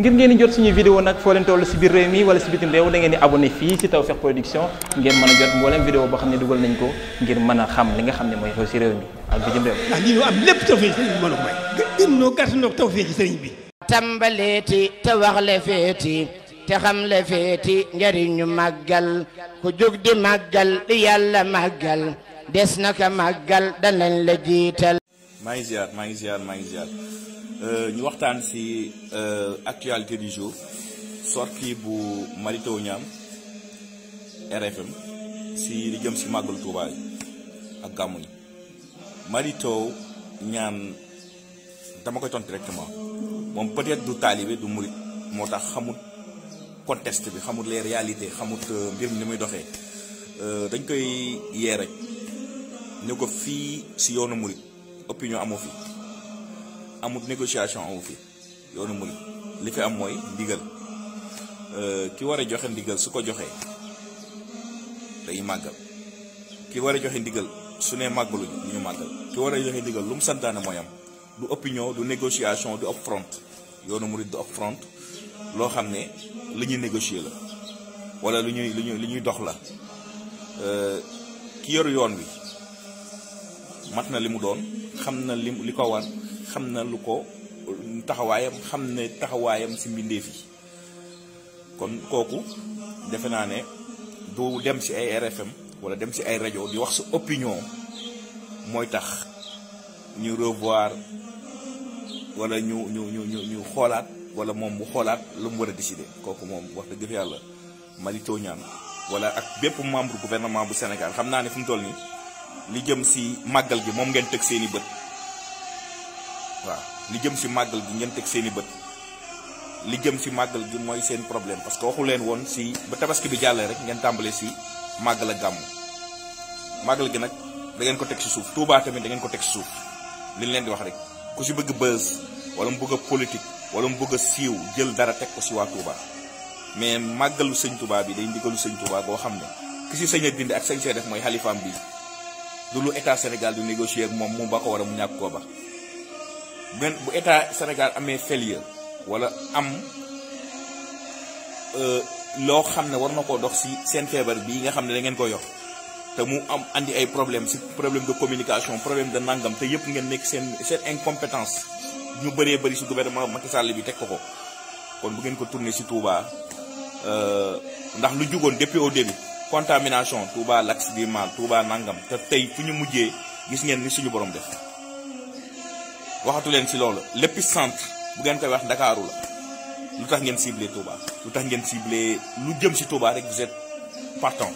ngir ngeen jot suñu vidéo nag foo leen toll si biir réew mi wala si bitim réew da ngeen di abonné fii si Tawfekh Production ngeen mën a jot mboolem vidéo boo xam ne dugal nañ ko ngir mën a xam li nga xam ne mooy xew si réew mi ak bitim réew. ndax lii ñu am lépp tawfeex sëriñ bi mën a may. gën noo gàtt noo tawfeex sëriñ bi. tàmbaleeti te wax le feeti te xam le feeti njariñu màggal ku jóg di màggal di yàlla màggal des na ka màggal danañ la jiital. maa ngi ziar maa ngi ziar maa ngi ziar Euh, ñu waxtaan ci euh, actualité du jour sortie bu Mary Teuw Niane RFM si li jëm ci màggal Tuubaa yi ak gàmmu yi Mary Teuw dama koy tontu directement moom peut-être du taalibe du murit moo tax xamut contexte bi xamut les réalités xamut euh, mbir mi ni muy doxee dañ koy yee rek ne ko fii si yoonu murit opinion amoo fi amut négociation amu fi yoonu murid li fi am mooy ndigal euh, ki war a joxe ndigal su ko joxee dañuy màggal ki war a joxe ndigal su nee màggaluñu ñu ñu màggal ki war a joxe ndigal lu mu santaane mooy am du opinion du négociation du up front yoonu murid du up front loo xam ne li ñuy négocier la walla lu ñuy li ñuy lu ñuy dox la euh, ki yoru yoon wi mat na li mu doon xam na li li ko war xam na lu ko taxawaayam xam ne taxawaayam si mbindeef yi kon kooku defe naa ne du dem si ay RFM wala dem si ay rajo di wax sa opinion mooy tax ñu revoir wala ñu ñu ñu ñu xoolaat wala moom mu xoolaat lu mu war a décider kooku moom wax da dëgg yàlla Mary Teuw Niane wala ak bépp membre gouvernement bu Sénégal xam naa ne fu mu toll nii li jëm si màggal gi moom ngeen teg seeni bët. waaw li jëm si màggal gi ngeen teg seeni bët li jëm si màggal gi mooy seen problème parce que waxu leen woon si ba tabaski bi jàllee rek ngeen tàmbale si màggal ak gàmmu màggal gi nag da ngeen ko teg si suuf tuubaa tamit da ngeen ko teg si suuf li ñu leen di wax rek ku si bëgg bës wala mu bëgg a politique wala mu bëgg siiw jël dara teg ko si waa Touba mais màggalu sëñ Touba bi day ndigalu sëñ Touba boo xam ne ki si sañ a bind ak sañ see def mooy xalifaam bi du lu état Sénégal du négocier ak moom mu ba ko mu ñàkk koo ba benn bu état Sénégal amee failure wala am euh, loo xam ne war na koo dox si seen feebar bii nga xam ne da ngeen ko yor te mu am andi ay problème si problème de communication problème de nangam te yëpp ngeen nekk seen seen incompétence ñu bëree bari si gouvernement Macky Sall bi teg ko ko kon bu ngeen ko tourner si Touba euh, ndax lu jugoon depuis au début contamination Touba l'axe du mal Touba nangam te tey fu ñu mujjee gis ngeen ni suñu borom def. waxatu leen si loolu léppi centre bu ngeen koy wax ndakaaru la lu tax ngeen ciblé Touba lu tax ngeen ciblé lu jëm si Touba rek vous êtes partant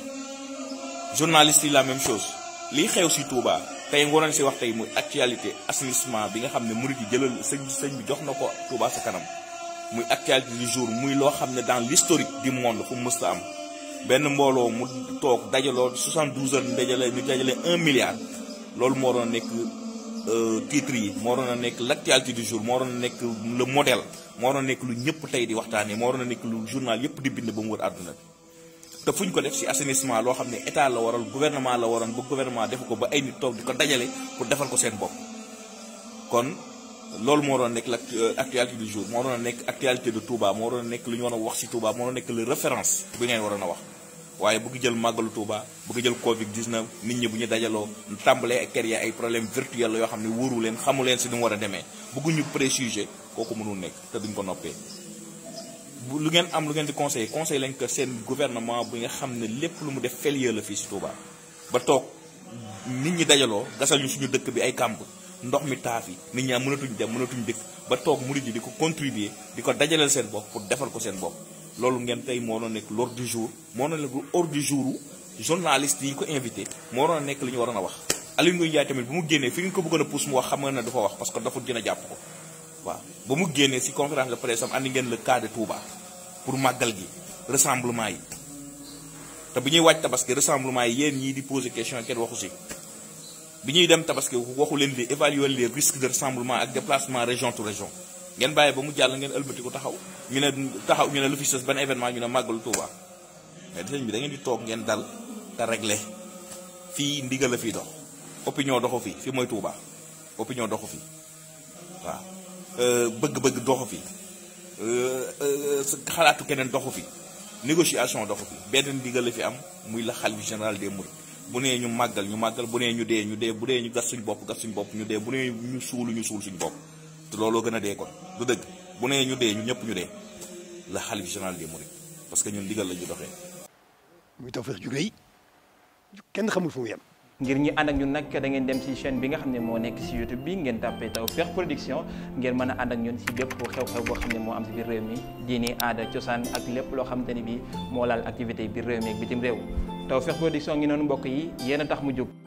journaliste yi la même chose lii xew si Touba tey nga si wax tey muy actualité assainissement bi nga xam ne murid yi jëlal sëñ sëñ bi jox na ko Touba sa kanam muy actualité du jour muy loo xam ne dans l'historique du monde fu mu mës am benn mbooloo mu toog dajaloo 72 heures ndajale ñu dajale 1 milliard loolu moo doon nekk. Euh, titre yi moo doon a nekk l'actualité du jour moo doon a nekk le modèle moo doon a nekk lu ñëpp tey di waxtaan waxtaanee moo doon a nekk lu journal yëpp di bind ba mu wër ko def ci assainissement loo xam ne état la waral gouvernement la waroon ba def ko ba ay nit toog di ko dajale pour defal ko seen bopp kon loolu moo doon nekk l'actualité euh, du jour moo doon a nekk actualité de Touba nekk lu ñu war wax ci Touba moo doon nekk le référence bi ngeen waroon a wax waaye bëgg jël màggalu Touba bëgg jël Covid 19 nit ñi bu ñu dajaloo tàmbalee ak kër ay problème virtuel la yoo xam ne wóoru leen xamu si nu mu war a demee bëgguñu préjugé kooku mënul nekk te duñ ko noppee. bu lu ngeen am lu ngeen di conseil conseil lañ ko seen gouvernement bi nga xam ne lépp lu mu def fële la fii si Touba ba toog nit ñi dajaloo gasal ñu suñu dëkk bi ay kàmb ndox mi taaf yi nit ñaa mënatuñ dem mënatuñ dëkk ba toog murid yi di ko contribuer di ko dajaleel seen bopp pour defal ko seen bopp. loolu ngeen tey moo doon nekk l'ordre du jour moo doon nekk l'ordre du jour journaliste yi ko invité moo doon nekk li ñu waroon a wax Aliou Ngoye Ndiaye tamit bu mu génnee fi nga ko bëggoon a pousse mu wax xam nga ne dafa wax parce que dafa dina jàpp ko waaw ba mu génnee si conférence de presse am andi ngeen le cas de pour màggal gi rassemblement yi te bu ñuy wàcc tabaski rassemblement yi yéen ñii di poser question kenn waxu si bi ñuy dem tabaski waxu leen di évaluer les risques ak déplacement région to région ngeen bàyyi ba mu jàll ngeen ëlbati ko taxaw ñu ne taxaw ñu ne lu fi sës ban événement ñu ne màggalu Touba mais sëñ bi da di toog ngeen dal te réglé fii ndigal la fii dox opinion doxu fi fi mooy Touba opinion doxu fi waaw euh, bëgg-bëgg doxu fi euh, euh, xalaatu keneen doxu fi négociation doxu fi benn ndigal la fi am muy la xalifa général des mourides bu nee ñu màggal ñu màggal bu nee ñu dee ñu dee bu dee ñu gas suñu bopp gas suñu bopp ñu dee bu nee ñu suulu ñu suul suñu bopp te looloo gën a dee kon du dëgg bu nee ñu dee ñun ñëpp ñu dee la xalif général des mourides parce que ñun ndigal la ñu doxee. muy tawfeex ju kenn xamul fu mu yem. ngir ñi ànd ak ñun nag da ngeen dem ci chaine bi nga xam ne moo nekk ci YouTube bi ngeen tàppee Tawfekh Production ngeen mën a ànd ak ñun ci bépp xew-xew boo xam ne moo am ci biir réew mi diini aada cosaan ak lépp loo xamante ni bi moo laal activité biir réew mi ak bitim réew Tawfekh Production ngi tax mu jóg.